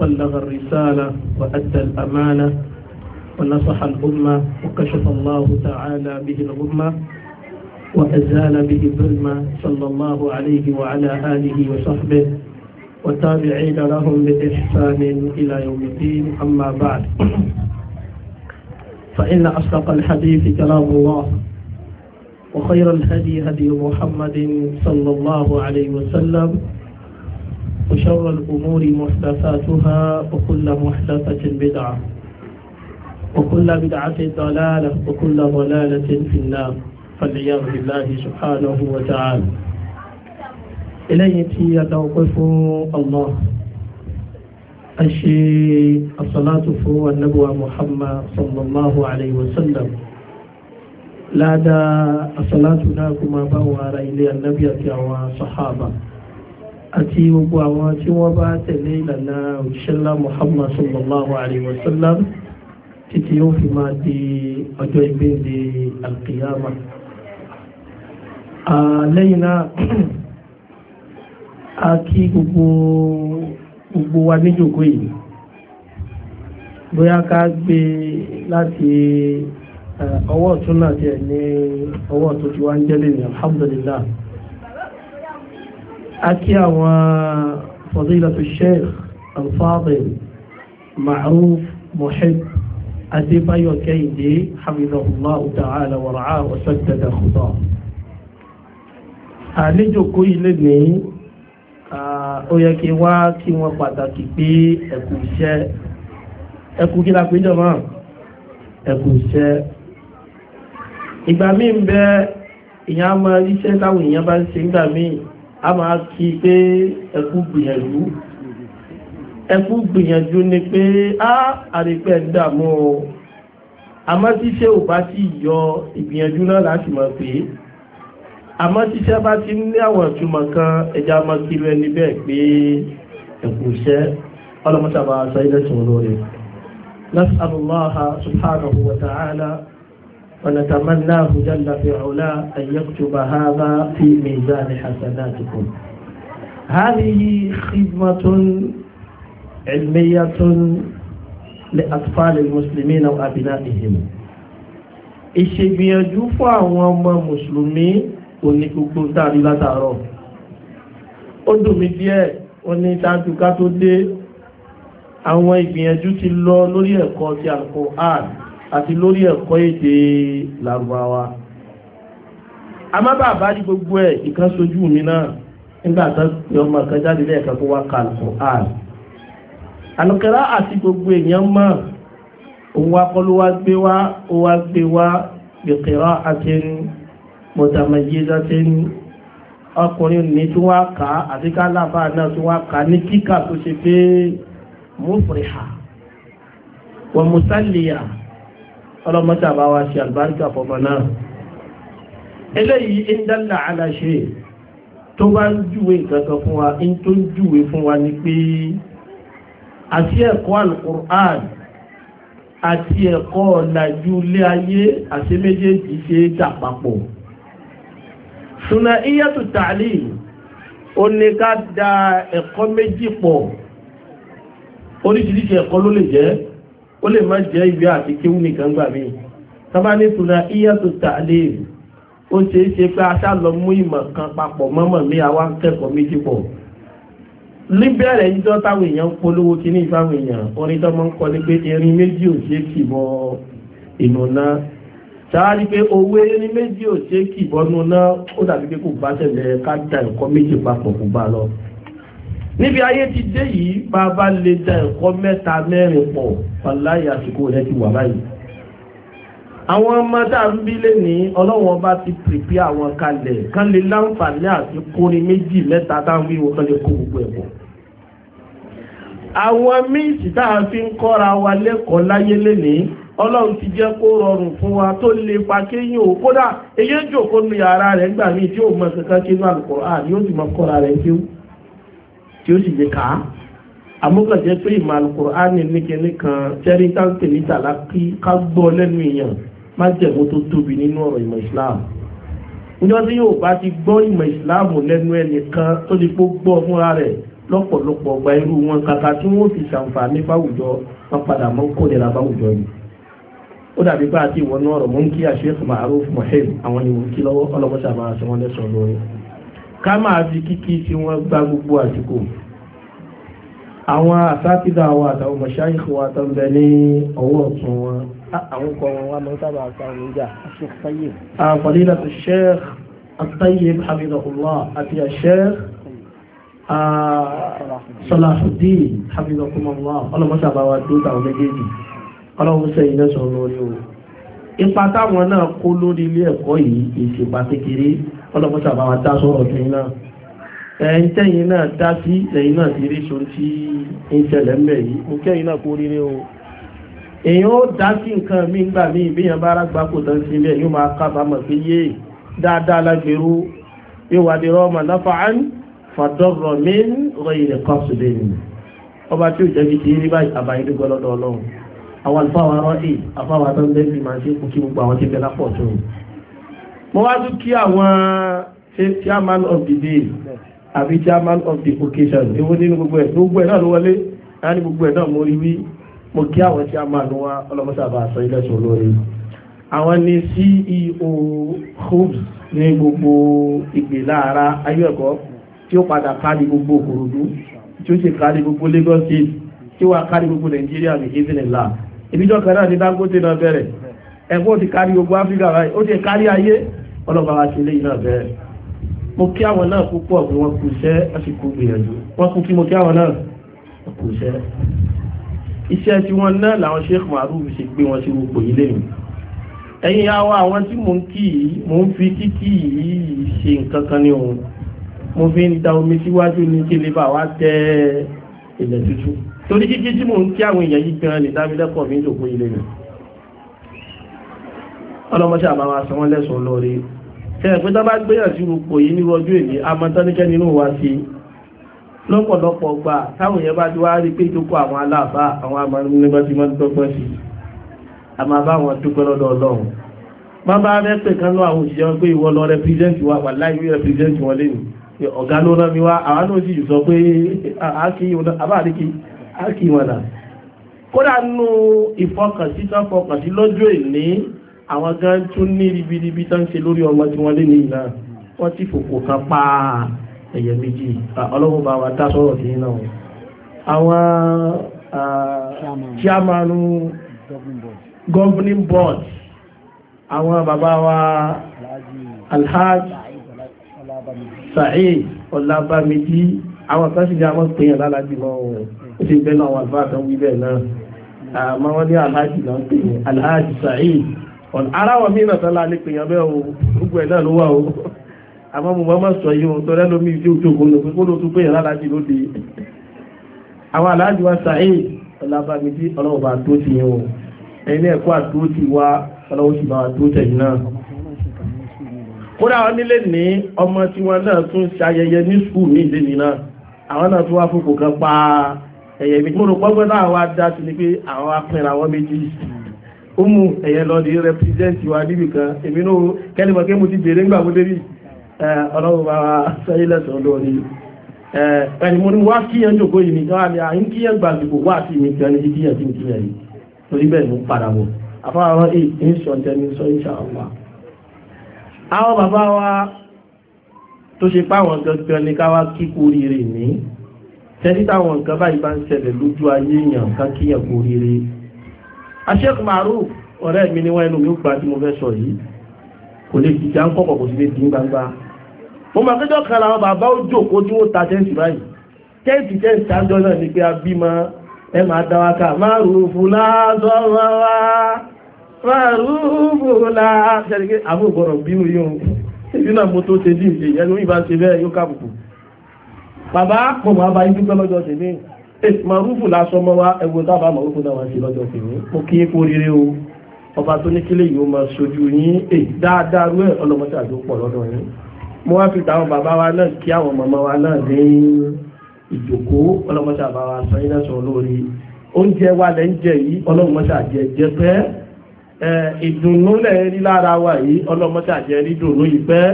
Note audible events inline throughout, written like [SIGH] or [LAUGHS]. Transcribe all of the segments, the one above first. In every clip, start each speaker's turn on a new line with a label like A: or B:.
A: بلغ الرسالة وأدى الأمانة ونصح الأمة وكشف الله تعالى به الغمة وأزال به الظلمة صلى الله عليه وعلى آله وصحبه وتابعين لهم بإحسان إلى يوم الدين أما بعد فإن أصدق الحديث كلام الله وخير الهدي هدي محمد صلى الله عليه وسلم وشر الأمور محدثاتها وكل محدثة بدعة وكل بدعة ضلالة وكل ضلالة في النار فالعياذ بالله سبحانه وتعالى إليه يتوقف الله أشي الصلاة فهو النبوة محمد صلى الله عليه وسلم لا دا الصلاة ناكما بوار إلي النبي وصحابه àti gbogbo àwọn tí wọ́n bá tẹ̀lé ìlànà òṣìṣẹ́lá Muhammad sallallahu alayhi wa sallam títí yóò fi máa di ọjọ́ ìgbéǹde alkiyama lẹ́yìn náà a kí gbogbo gbogbo wa níjòkó yìí bóyá ká gbé láti ọwọ́ ọ̀tún náà tiẹ̀ ní ọwọ́ ọ̀tún tí wá ń jẹ́lẹ̀ ní alhamdulillah àti àwọn fadilatu sheikh al-fadil ma'ruf muhib adébáyọ̀ الله تعالى ta'ala wàrà wàsàdàdà kùtà àlejòkó ilé ní ó yẹ kí wá kí wọ́n pàtàkì pé ẹ̀kú iṣẹ́ ẹ̀kú kí la péjọ náà ẹ̀kú iṣẹ́ ìgbà míì ń bẹ ìyá máa ríṣẹ́ táwọn èèyàn bá ń ṣe ìgbà míì a máa kí pé ẹkú gbìyànjú ẹkú gbìyànjú ni pé a àrípẹ́ dààmú o àmọ́ tíṣẹ́ ò bá ti yọ ìgbìyànjú náà láti mọ̀ pé àmọ́ tíṣẹ́ bá ti ní àwọn ìtumọ̀ kan ẹja máa kiri ẹni bẹ́ẹ̀ pé ẹkú iṣẹ́ ọlọ́mọṣàbà sọ ilé ìṣòro rẹ̀. نسأل الله سبحانه وتعالى ونتمنى جل في علا أن يكتب هذا في ميزان حسناتكم هذه خدمة علمية لأطفال المسلمين وأبنائهم ìṣègbìyànjú fún àwọn ọmọ mùsùlùmí òní gbogbo dáadé látàárọ̀ ó dùn mí díẹ̀ ó ní ṣáájú ká tó dé àwọn ìgbìyànjú ti lọ lórí ẹ̀kọ́ ti Al-Qur'an àti lórí ẹ̀kọ́ èdè Lárúbáwá amábà bá ní gbogbo ẹ̀ ìkan sojú mi náà nígbà tó pé ọmọ kan jáde lẹ́ẹ̀kan kó wá ka Al-Qur'an àlùkẹ́rá àti gbogbo èèyàn mọ̀ òun wá kọ́ ló wá gbé wá ó wá gbé wá bi qira'atin mutamayyizatin ọkùnrin ní tí wọ́n kà á àti kálábà náà tí wọ́n kà á ní kíkà tó ṣe pé mufriha wa musalliya ọlọ́mọ́ta bá wá sí àlùbáríkà fọ́mọ náà eléyìí ń dálà aláṣẹ tó bá ń júwe kankan fún wa ń tó ń júwe fún wa ni pé àti ẹ̀kọ́ alukur'an àti ẹ̀kọ́ ọ̀làjú ilé ayé àti méjèèjì ṣe é dà papọ̀ ṣùnà iyẹ́tù tààlì ó ní ká da ẹ̀kọ́ méjì pọ̀ oríṣiríṣi ẹ̀kọ́ ló lè jẹ́ ó lè má jẹ́ ìwé àti kíwú nìkan gbà mí tọ́bá ní tura iye tó tà lé ó ṣe é ṣe pé aṣá lọ mú ìmọ̀ kan papọ̀ mọ́mọ̀ mi àwa kẹ́kọ̀ọ́ méjì pọ̀ níbẹ̀rẹ̀ ìjọ táwọn èèyàn ń polówó kí ní ìfáwọn èèyàn orin tó máa ń kọ ní pé erin méjì ò ṣe é kì bọ inú náà sáárí pé owó erin méjì ò ṣe é kì bọ́nú náà ó dàbí pé kò bá ṣẹlẹ̀ ká da ẹ̀kọ́ méjì papọ̀ kò bá lọ níbi ayé ti dé yìí bàbá lè da ẹ̀kọ́ mẹ́ta mẹ́rin pọ̀ wàláyé àsìkò rẹ̀ ti wà báyìí àwọn ọmọ tá a ń bí lẹ́ni ọlọ́wọ́n bá ti pèpè àwọn kalẹ̀ kán lè láǹfààní àti kórin méjì mẹ́ta táwọn wíwo kán lè kó gbogbo ẹ̀kọ́ àwọn míìsì tá a fi ń kọ́ra wa lẹ́kọ̀ọ́ láyé lẹ́ni ọlọ́run ti jẹ́ kó rọrùn fún wa tó lè pa kéyìn ò kódà èyí jòkó nu yàrá rẹ̀ gbà míì tí ò mọ kankan kí inú àlùkò àdí ó sì mọ kọ́ra rẹ̀ kí tí ó sì lè kà á amókànjẹ́ pé ìmọ̀ alukur'ani nìkẹ́ni kan tẹ́rí táǹkì níta lákì ká gbọ́ lẹ́nu èèyàn má jẹ̀mú tó tóbi nínú ọ̀rọ̀ ìmọ̀ islam níjọ́ tí yóò bá ti gbọ́ ìmọ̀ islam lẹ́nu ẹnìkan tó ti kó gbọ́ fúnra rẹ̀ lọ́pọ̀lọpọ̀ ọgbà irú wọn kàkà tí wọ́n fi ṣàǹfààní fáwùjọ wọn padà mọ́ kó nira fáwùjọ yìí ó dàbí pé àti ìwọ náà ọ̀rọ̀ mú kí àṣeyẹ̀kùn Ma'ruf Muhim àwọn ìwòkí lọ́wọ́ ọlọ́mọṣà máa ṣe wọ́n lẹ́sọ̀ọ́ lórí ká máa fi kíkí tí wọ́n gbá gbogbo àsìkò àwọn àsátìdá àwọn àtàwọn mọ̀ṣáyì wa tó ń bẹ ní ọwọ́ ọ̀tún wọn. àwọn kan wọn wá lọ sábà àti àwọn ìjà Sheikh Tayyib. àpàlílà tó Sheikh Tayyib hamidullah àti Sheikh Salahuddin hamidullah ọlọ́mọṣà bá wa dúró táwọn méjèèjì ọlọ́run sẹ́yìn náà sọ lórí o. ipa táwọn náà kó lórí ilé ẹ̀kọ́ yìí ìṣèpàtẹ́kẹrẹ́ ọlọ́pọ̀ sábà wa dá sọ́rọ̀ ọdún iná ẹ̀yìn tẹ́yìn náà dá sí lẹ́yìn náà ti rí so tí ń ṣẹlẹ̀ ń bẹ̀ yìí mo kẹ́yìn náà kó rírẹ́ o èyàn ó dá sí nǹkan mí gbà mí ìbíyàn bá ara gbà kò tán sí ilé yóò máa kábàámọ̀ pé yé dáadáa lágbèrú ìwádìí rọ́ọ̀mà náfàán fàdọ́rọ̀ mí rọ ilẹ̀ kọ́sùdẹ̀ nì ọba tí ó jẹ́ fi ti rí báyìí àbáyé dúgbọ́ lọ́dọ̀ ọlọ́run àwọn àlùfáà wa rọ́ọ̀ì àfáà tó ń bẹ́ẹ̀ fi máa ṣe kú kí gbogbo àwọn tí bẹ́ẹ̀ lápọ̀ tó mo wá tún kí àwọn eh, chairman of the day àbí chairman of the occasion ewu nínú gbogbo ẹ̀ gbogbo ẹ̀ náà ló wọlé náà ní gbogbo ẹ̀ náà mo rí wí mo kí àwọn chairman wa ọlọ́mọsàbà àṣọ ilẹ̀ sọ àwọn ni CEO homes ní gbogbo ìgbèlára ayé ẹ̀kọ́ tí ó padà kárí gbogbo Ìkòròdú tí ó sì kárí gbogbo Lagos State tí wà kárí gbogbo Nàìjíríà ní ìfìnìlá ìbíjọ́ kan náà ní Dangote náà bẹ̀rẹ̀ ẹ̀kọ́ ti kárí gbogbo Áfíríkà báyìí ó ti kárí ayé ọlọ́ba wa ṣe léyìn náà bẹ́ẹ̀ mo kí àwọn náà púpọ̀ bí wọ́n kú iṣẹ́ wọ́n sì kú gbìyànjú wọ́n kú kí mo kí àwọn náà kú iṣẹ́ iṣẹ́ tí wọ́n náà làwọn Sheikh Maruf ṣe gbé wọn sí gbogbo yìí lẹ́yìn ẹ̀yin àwọn àwọn tí mò ń kí yìí mò ń fi kíkí yìí ṣe nǹkan kan ní òun mo fi ń da omi síwájú ní kí lè bá wa ilẹ̀ tútù torí kíkí tí mò ń kí àwọn èèyàn yìí gan-an lè dá mi lẹ́kọ̀ọ́ mi yìí lẹ́yìn ọlọ́mọṣẹ́ àbáwá sọ wọ́n lẹ́sùn lórí ẹ̀pẹ́ tó bá gbéyàn sí gbogbo yìí ní ọjọ́ èlé amọ́tọ́níkẹ́ nínú wa sí lọ́pọ̀lọpọ̀ gbà táwọn èèyàn bá ti wá rí pé jókòó àwọn aláàbá àwọn amọ́nìmọ́tí máa ń dọ́gbọ́n sí a máa bá wọn dúpẹ́ lọ́dọ̀ ọlọ́run bá bá rẹ́ pé kan lọ wa wà láì rí represent wọn lẹ́nu ọ̀gá ló rán mi wá àwọn náà sì sọ pé àbáríkì ákì kódà nínú ìfọkànsí tán fọkànsí lọ́jọ́ ìní àwọn gan tún ní ribiribi tán ṣe lórí ọmọ tí wọ́n lé ní ìlà wọ́n ti fòkò kan pa ẹ̀yẹ méjì ah, ọlọ́run bá wa dá sọ̀rọ̀ sí náà àwọn ah, chairmanu governing board àwọn bàbá wa alhaji Sa'id Ọlábámidí àwọn kan sì ní àwọn pèèyàn lálájì lọ ó sì bẹ́ẹ̀ náà wà fún àtàwọn ibẹ̀ náà ah, àmọ́ wọ́n ní alhaji náà pè ní Sa'id ara wọn mìíràn tán láà ní pèèyàn bẹ́ẹ̀ o gbogbo ẹ̀ náà ló wà o àmọ́ mo máa sọ yìí o tó rẹ́ lómi ìdí òjò kò lóko kó ló tún pèèyàn lálájì lóde àwọn aláàjì wa sàáyè ọlábàmí tí ọlọ́wọ́ bá tó ti yẹn o ẹni ẹ̀kọ́ àdúró ti wá ọlọ́wọ́ sì bá wa tó tẹ̀yìn náà kódà wọn nílé ní ọmọ tí wọn náà tún ṣayẹyẹ ní skul ní ìdí mi náà àwọn náà tún wá fòkò kan pa ẹ̀yẹ̀ mi mo rò pọ́gbọ́n ó mú ẹ̀yẹ lọ di represent wa níbi kan èmi náà kẹ́lìmọ̀ kí mo ti bèèrè ńgbà mo débi ọlọ́run bá wa sẹ́yìn lẹ́sọ̀ lórí ẹni mo ní wá kíyàn jòkó yìí nìkan àmì àyín kíyàn gbàgbìkò wá sí mi gan ní kíyàn tí ń kíyàn yìí torí bẹ́ẹ̀ mo padà bọ̀ àfáwọn ìṣọ̀ntẹ́ni eh, sọ ìṣàwọ̀ àwọn bàbá wa tó ṣe páwọn gangan ní káwá kíkú oríire ní tẹ́lítàwọn nǹkan báyìí bá ń ṣẹlẹ̀ lójú ayé èèyàn ká kíyàn kú oríire aṣẹ́kù Maruf ọ̀rẹ́ mi ní wọ́n ẹnu mi ó gbà tí mo fẹ́ sọ yìí kò lè ti já ń kọ́kọ̀ kò sí lè dín gbangba mo mọ̀ pé jọ́kan làwọn bàbá ó jòkó tí wọ́n ta tẹ́ǹtì báyìí tẹ́ǹtì tẹ́ǹtì sájọ́ náà ni pé a bímọ ẹ máa dá wa ká Maruf lásán wá wá fàrúbùlá ṣẹ́rẹ́gẹ́ àbúgbọ̀rọ̀ bínú yíò ìrìnà mú tó màrúfù lásọ mọ́ wá ẹgbẹ́ tábà màrúfù náà wá sí lọ́jọ́ kìíní mo kí é kó rere o ọba tó ní kílé yìí ó máa sojú yín èyí dáadáa rú ẹ̀ ọlọ́mọṣẹ́ àti pọ̀ lọ́dọ̀ yín mo wá fi tàwọn bàbá wa náà kí àwọn màmá wa náà ní ìjòkó ọlọ́mọṣẹ́ àbá wa sọ yín náà sọ lórí oúnjẹ wa lẹ́ ń jẹ yìí ọlọ́mọṣẹ́ àjẹ jẹ pẹ́ ìdùnnú lẹ̀ rí lára wa yìí ọlọ́mọṣẹ́ àjẹ rí dùnnú yìí pẹ́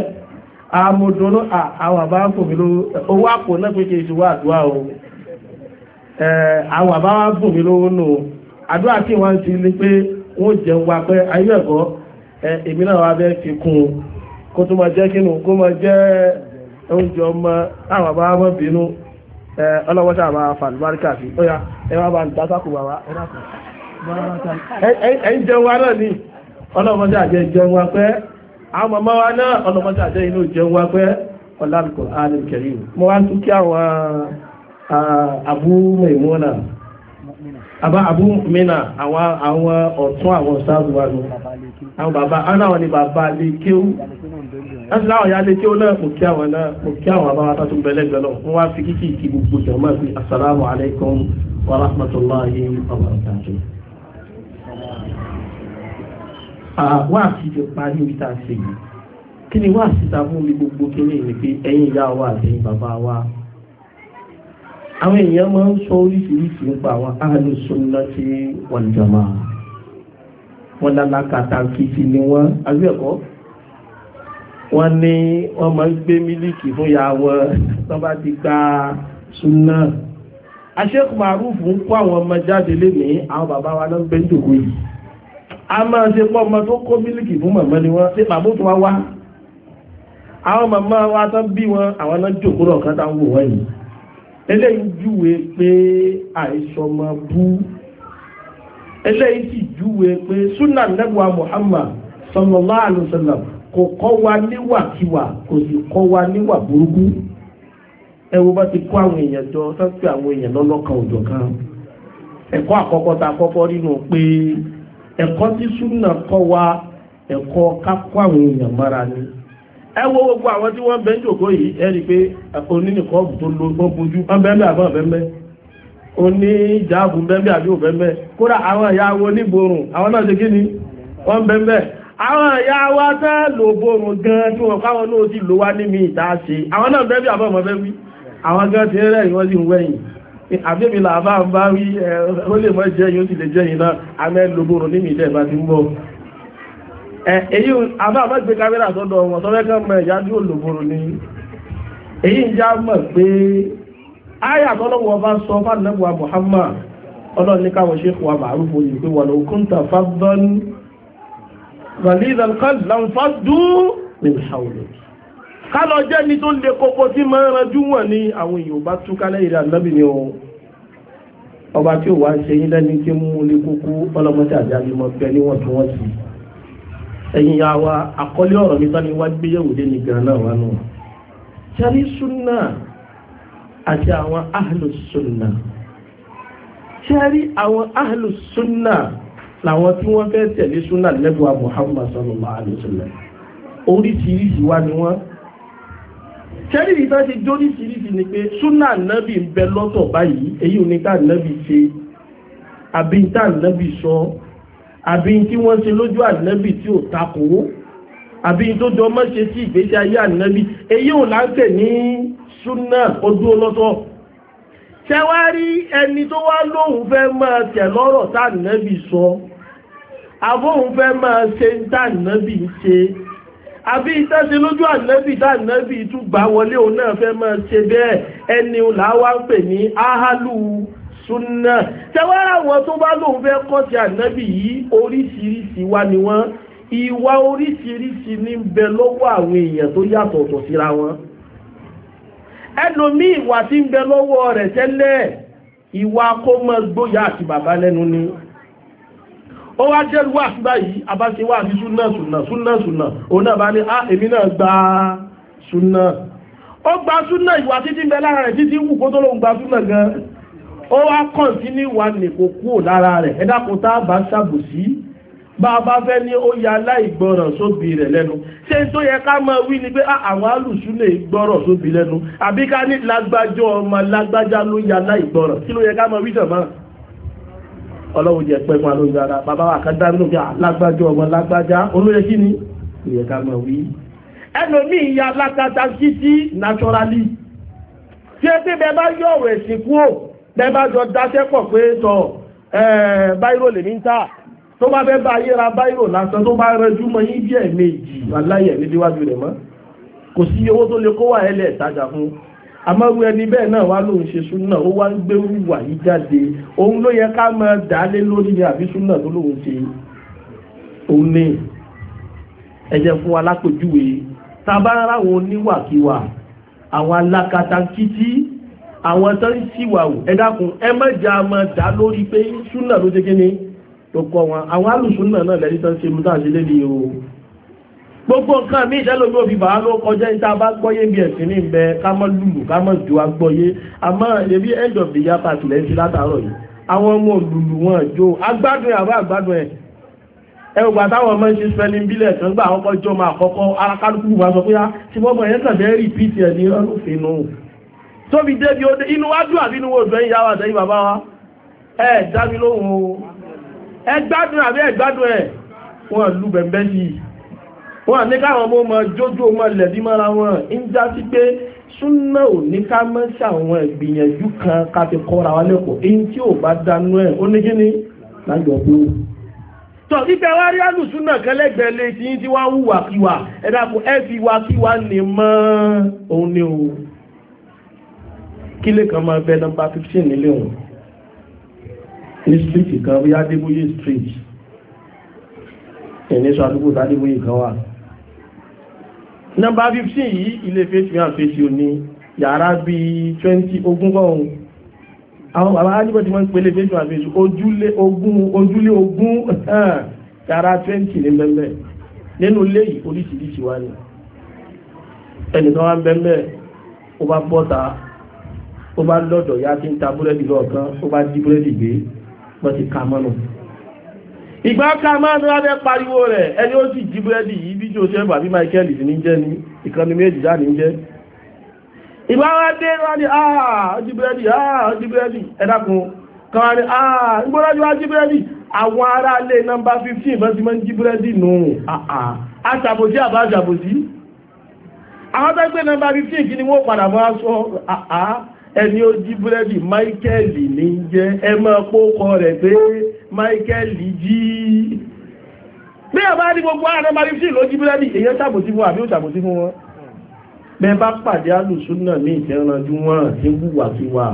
A: àmọ̀dùnnú àwọn àbá ń fò mí lówó owó àpò náà pé kí èsì wà àdúrà o. Eh, àwọn àbá wa bùn mí lówó nù àdúrà tí ti ní pé wọ́n jẹun wa pé ayé ẹ̀kọ́ eh, èmi náà wá bẹ́ẹ̀ fi kún un kó tó máa jẹ́ kínú kó máa jẹ́ oúnjẹ ọmọ àwọn àbá wa bínú eh, ọlọ́wọ́ sáà máa fà lùbáríkà sí ó yá ẹ wá bá ń ta sákò bàbá ẹ náà ni abu maimuna àbá abu mina àwọn àwọn ọ̀tún àwọn sáàbù wa nù àwọn bàbá aláwọn ni bàbá lè kéwú láti láwọn ya lè kéwú náà kò kí àwọn náà kò kí àwọn àbáwá tó ń bẹ̀lẹ̀ fi kíkì kí gbogbo jọmọ́ sí assalamu alaikum wa rahmatullahi wa barakatuh wá sí ti parí orí tá a ṣe yìí kí ni wá sí ta fún mi gbogbo kí ní ìrìn pé ẹ̀yin ìyá wa àti ẹ̀yin bàbá wa àwọn èèyàn máa ń sọ oríṣiríṣi nípa àwọn ahlu sunnati wal jamaa wọn lálákàtà kìtì ni wọn àgbẹ̀kọ́ wọn ní wọn máa ń gbé mílíkì fún ya wọn tó bá ti gba súnà aṣẹ́kù Maruf ń kó àwọn ọmọ jáde lénìí àwọn bàbá wa náà ń bẹ́ jòkó yìí a máa ṣe pọ́ ọmọ tó kó mílíkì fún màmá ni wọ́n ṣe bàbá tó wá wá àwọn màmá wa tán bí wọn àwọn náà jòkó rọ̀ kátà ń wò wọ́n yìí eléyìí júwe pé àìsọmọ bú eléyìí sì júwe pé súnà nẹ́gbà Muhammad sallallahu alaihi wasallam kò kọ́ wa níwàkiwà kò sì kọ́ wa níwà burúkú ẹwọ bá ti kó àwọn èèyàn jọ sọ́pẹ́ àwọn èèyàn lọ́lọ́kan òjò kan ẹ̀kọ́ àkọ́kọ́ ta kọ́kọ́ ni ẹ wo gbogbo àwọn tí wọ́n bẹ́ ń jòkó yìí ẹ rí i pé onínìkọ́ọ̀bù tó lo tó bojú wọ́n bẹ́ẹ̀ bẹ́ẹ̀ àbọ̀ bẹ́ẹ̀ oní ìjáàbù bẹ́ẹ̀ àbí òbẹ́ bẹ́ẹ̀ kódà àwọn ìyàwó oníborùn àwọn náà ṣe kí ni wọ́n bẹ́ẹ̀ bẹ́ẹ̀ àwọn ìyàwó tẹ́ lò borùn gan tí wọ́n káwọn náà ti lò wá níbi ìta ṣe àwọn náà bẹ́ẹ̀ bí àbọ̀ mọ́ bẹ́ẹ̀ wí àwọn gan ti rẹ̀ ìwọ́n sì ń wẹ̀yìn àbẹ́bí làbá ń bá wí ó lè mọ́ jẹ́ yóò sì lè jẹ́ náà àmẹ́ lò borùn níbi èyí àbá àbá gbé kámẹ́rà sọ́dọ̀ wọn sọ́fẹ́ kan mọ ẹ̀yà tí ó lòbòrò ni èyí ń mọ̀ pé áyà bá sọ fánàbùwà Muhammad ọlọ́run ní káwọn ṣe wà màrúfò yìí pé wọ̀lọ̀ òkúntà fábọ́n ralizal kan lanfàdú ní ìṣàwòrò kálọ jẹ́ ní tó lè kókó tí máa ń ranjú wọ̀n ní àwọn èèyàn bá túká lẹ́yìn ànábì ni ohun ọba tí ó wá ṣe yín lẹ́ni tí mú lè kókó ọlọ́mọdé àjálù mọ́ bẹ níwọ̀n tí wọ́n sì ẹ̀yìn ya wa àkọlé ọ̀rọ̀ mi tání wá gbéyẹ̀wò dé ní gan náà wá nù ṣẹ́rí súnà àti àwọn ahlù súnà ṣẹ́rí àwọn ahlù súnà làwọn tí wọ́n fẹ́ tẹ̀lé súnà lẹ́gbàá Muhammad sallallahu alaihi wasallam oríṣiríṣi wá ni wọ́n ṣẹ́rí ìta ṣe jóríṣiríṣi ni pé súnà nábì ń bẹ lọ́tọ̀ báyìí èyí ò ní ká nábì ṣe àbí tá nábì sọ àbí tí wọ́n ṣe lójú ànábì tí ò takò àbí tó jọ mọ́ ṣe sí ìgbésí ayé ànábì èyí ò láǹtẹ̀ ní súnà ọdún ọlọ́tọ̀ ṣẹwárí ẹni tó wá lóhun fẹ́ máa tẹ̀ lọ́rọ̀ táànábì sọ àbóhun fẹ́ máa ṣe táànábì ṣe àbí ìtẹ́sí lójú ànábì táànábì tún gbà wọlé òun náà fẹ́ máa ṣe bẹ́ẹ̀ ẹni làá wá ń pè ní áhálù súnà tẹwàá àwọn tó bá lóun fẹ́ kọ́ sí ànábì yìí oríṣiríṣi wá ni wọ́n ìwà oríṣiríṣi ní bẹ lọ́wọ́ àwọn èèyàn tó yàtọ̀ ọ̀tọ̀ síra wọn ẹlòmí ìwà tí ń bẹ lọ́wọ́ rẹ̀ tẹ́lẹ̀ ìwà kó mọ́ gbóyà àti bàbá lẹ́nu ni ó wá jẹ́ wà síbá yìí abáṣe wà ní súnà súnà súnà súnà òun náà bá ní á ah, èmi náà gba súnà ó gba súnà ìwà títí ń bẹ lára rẹ̀ títí wù kó tó lóun gba súnà gan-an ó wá kàn sí ní ìwà nìkó kúrò lára rẹ̀ ẹ dákun tá a bá ṣàbòsí bá a bá fẹ́ ní ó ya aláìgbọ́ràn sóbi rẹ̀ lẹ́nu ṣé tó yẹ ká máa wí ni pé ah, àwọn alùsù lè gbọ́ràn sóbi lẹ́nu àbí ká ní lágbájọ́ ọmọ lágbájá ló ya aláìgbọ́ràn kí ló yẹ ká máa wí jọ̀mọ́ ọlọ́run jẹ́ pẹ́ máa ló ń yára bàbá wa kan dánú bí ah, lágbájọ́ ọmọ lágbájá olóyè kí ni kò yẹ ká máa wí. ẹnu mi ya lágbájá títí naturally ṣé pé bẹ́ẹ̀ bá yọ ọ̀rọ̀ ẹ̀sìn kúrò tẹ́bá jọ dáṣẹ́ pọ̀ pé tọ báírò lè ní ta tó bá fẹ́ bá yíra báírò lásán tó bá rẹjú mọ́ yín bí ẹ̀ẹ̀mejì aláyẹ̀ ní déwájú rẹ̀ mọ́ kò sí owó tó lè kó wà ẹlẹ̀ ìtajà fún amọ́rú ẹni bẹ́ẹ̀ náà wá lóun ṣe súnà ó wá ń gbé wùwà yí jáde òun ló yẹ ká máa dá lé lórí ni àbí súnà tó lóun ṣe òun ní ẹjẹ fún wa lápèjúwe tá a bá ń ráwọn oníwàkiwà àwọn alákatakítí àwọn tó ń síwàwù ẹ̀dàkùn ẹ mẹ́jà mọ́ dá lórí pé súnà ló ṣe kíni tó kọ́ wọn àwọn alùsúnà náà lẹ́ni tó ń ṣe mútà sí lédi o gbogbo nǹkan mi ìṣẹ́lómi òbí bàá ló kọjá ìta bá gbọ́yé bí ẹ̀sìn ní ìbẹ ká mọ́ lùlù ká mọ́ ju agbọ́yé àmọ́ ẹbí end of the year party lẹ́yìn sí látàárọ̀ yìí àwọn ọmọ lùlù wọn jó agbádùn ẹ̀ àbá agbádùn ẹ̀ ẹwọ gbà táwọn ọmọ ṣe spelling bílẹ̀ kan gbà àwọn jọmọ àkọ́kọ́ arákálùkù wà sọ pé á ah, ti mọ́ ọmọ yẹn kàn bẹ́ẹ̀ rìpíìtì ẹ̀ ní ọlọ́fin náà tó fi débi ó dé inú wájú àbínú òjò ìyá wa sẹ́yìn bàbá wa ẹ lóhun o ẹ gbádùn àbí ẹ gbádùn ẹ wọ́n lù bẹ̀m̀bẹ̀ sí i wọ́n ní káwọn ọmọ ọmọ jójú ọmọ lẹ̀bí mọ́ra wọn ń já sí pé súnà ò ní ká mọ́ sí àwọn ìgbìyànjú kan ká fi kọ́ra wa lẹ́kọ̀ọ́ èyí tí ò bá dánú ẹ̀ ó ní kíni lájọ pé ó tọ̀ ìfẹ́ wá rí àlùsúnà kan lẹ́gbẹ̀ẹ́ lé tí yín tí wá wùwàkiwà ẹ̀dàkùn ẹ fi mọ́ òun ni òun kílé kan máa bẹ nọ́mbà 15 nílé òun ní street kan bí adébóyè street ẹni sọ àdúgbò tádébóyè kan wà nọ́mbà 15 yìí ilé fèsì hàn fèsì òní yàrá bí 20 ogún kọ́hún àwọn bàbá adébọ̀ tí wọ́n ń pèlè fèsì hàn fèsì ojúlé ogún ojúlé ogún [LAUGHS] yàrá 20 ní bẹ́ẹ̀ nínú ilé oríṣiríṣi wá ní ẹnìkan wá ń bẹ́ẹ̀ ó bá bọ́ta ó bá lọ́dọ̀ ya tí ń ta búrẹ́dì lọ́ọ̀kan ó bá jí búrẹ́dì gbé wọ́n ti ka mọ́nà ìgbà ká máa ń rábẹ́ pariwo rẹ̀ ẹni ó sì jí búrẹ́dì yìí bí Joseph àbí Michael sì ní jẹ́ ní ìkànnì méjì já ní jẹ́ ìgbà wọn dé wọn ni ah jí búrẹ́dì ah jí búrẹ́dì ẹ kan ah, ni ah ìgbọ́dájú wá jí búrẹ́dì àwọn ará ilé nọ́mbà 15 bá ti máa ń jí búrẹ́dì nù àà ah, àṣàbòsí ah. àbá àṣàbòsí àwọn tó ń pè nọ́mbà 15 kí ni ẹni ó jí búrẹ́dì máìkẹ́lì ní jẹ́ ẹ máa pókọ rẹ̀ pé máìkẹ́lì jí bí ẹ bá ní gbogbo ààrẹ marí sí ló jí búrẹ́dì èyàn ṣàbòsí fún àbí ó ṣàbòsí fún wọn bẹ bá pàdé alùsùn náà ní ìtẹ́ranjú wọn tí wùwàkiwà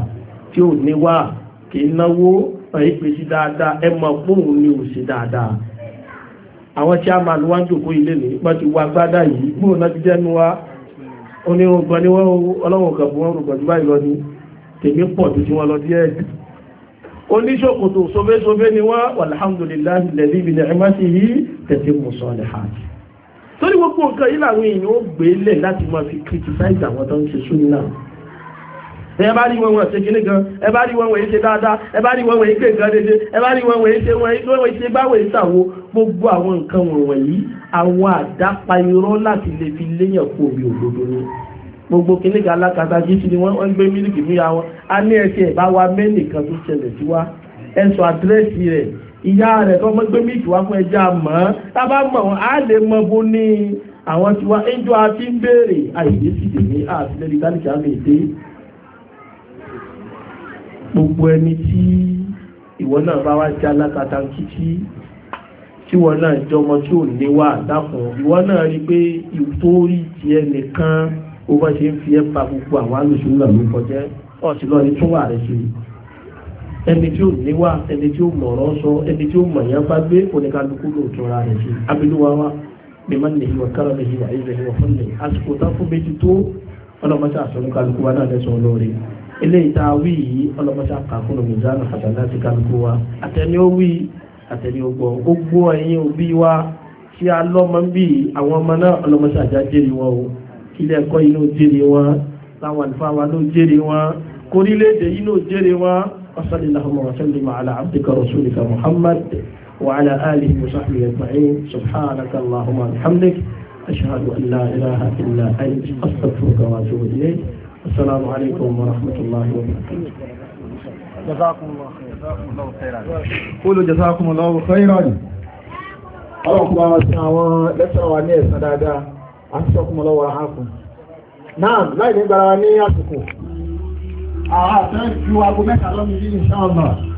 A: tí ò níwà kì í náwó ẹ̀ẹ́pẹ̀ sí dáadáa ẹ mọ̀ póun ní ò sí dáadáa àwọn tí a máa lọ́wọ́ jòkó ilé ní wọ́n ti wá gbádá yìí gbóòná ti jẹ́nu wa oní ọgbà ní wọ́n ọlọ́wọ̀n kàbù wọn rùgbà jù báyìí lọ ní tèmi pọ̀ tó tí wọ́n lọ díẹ̀ oníṣòkòtò sọfẹ́sọfẹ́ ni wọ́n alhamdulillahi lẹ́lí ibi nìyàmá sí yí tẹ̀sí mùsọ̀ ní ha torí gbogbo nǹkan yìí làwọn èèyàn ó gbé lẹ̀ láti máa fi criticize àwọn tó ń ṣe súnmọ́ ẹ bá rí wọn wọn ṣe kìíní gan ẹ bá rí wọn wọn ṣe dáadáa ẹ bá rí wọn wọn ṣe nǹkan dédé ẹ bá rí wọn wọn ṣe wọn wọn ṣe gbáwọ ìṣàwọ gbogbo àwọn nǹkan wọ̀nyí àwọn àdápa irọ́ láti lè fi léyàn kó omi òdodo ni gbogbo kìíní gan alákatá jíjí ni wọ́n gbé mílíkì níra wọn a ní ẹsẹ̀ ìbá wa mẹ́nìkan tó ṣẹlẹ̀ sí wa ẹ sọ àdírẹ́sì rẹ̀ ìyá rẹ̀ tó gbé mílíkì wá fún ẹja mọ́ tá a bá mọ̀ wọn á lè mọ bó ní àwọn tiwa ẹjọ́ àti ń béèrè àìyé sì dè ní àtìlẹ́yìn dáníkì àmì ìdè gbogbo ẹni tí ìwọ náà bá wá já látàtàkìtì tí wọn náà jẹ ọmọ tí ò níwà dákun ìwọ náà rí pé ìtòrí tiẹ̀ nìkan ó bá ṣe ń fi ẹ́ pa gbogbo àwọn alùsùn náà ló kọjá ọ̀sìn lọ́ọ́ ní túwà rẹ̀ ṣe ẹni tí ó níwà ẹni tí ó mọ̀rọ̀ sọ ẹni tí ó mọ̀yán bá gbé oníkálukú lóòótọ́ ra rẹ̀ sí abiluwawa mímọ́ nìyí wà kára nìyí wà ilẹ̀ yìí fún mi àsìkò tá méjì tó ọlọ́mọdé àsọ̀rọ̀ kálukú wa náà lẹ́sọ̀ lóore eléyìí tá a wí yìí ọlọ́mọṣà kà fún omizanu àtàláti kálukú wa àtẹni ó wí àtẹni ó gbọ́ gbogbo ẹ̀yin òbí wa tí a lọ́mọ ń bí àwọn ọmọ náà ọlọ́mọṣà já jèrè wọn o ilé ẹ̀kọ́ yìí jèrè wọn láwọn àlùfáà wa ló jèrè wọn kórílẹ̀-èdè jèrè wọn ọ̀sán ìlànà ọ̀sán ìlànà àlà abdika rasulika muhammad وعلى آله وصحبه أجمعين سبحانك اللهم وبحمدك أشهد أن لا إله إلا أنت أستغفرك وأتوب إليك السلام عليكم ورحمة الله وبركاته جزاكم الله خيرا قولوا جزاكم الله خيرا ọlọ́kùnrin àwọn sí àwọn lẹ́tọ̀rọ̀ wa ní ẹ̀sán dáadáa a ti sọ́kùnmọ́ lọ́wọ́ àákùn náà láì ní gbára ní àsìkò àtẹ́ ju aago mẹ́ta lọ́mìí ní ìṣáàmà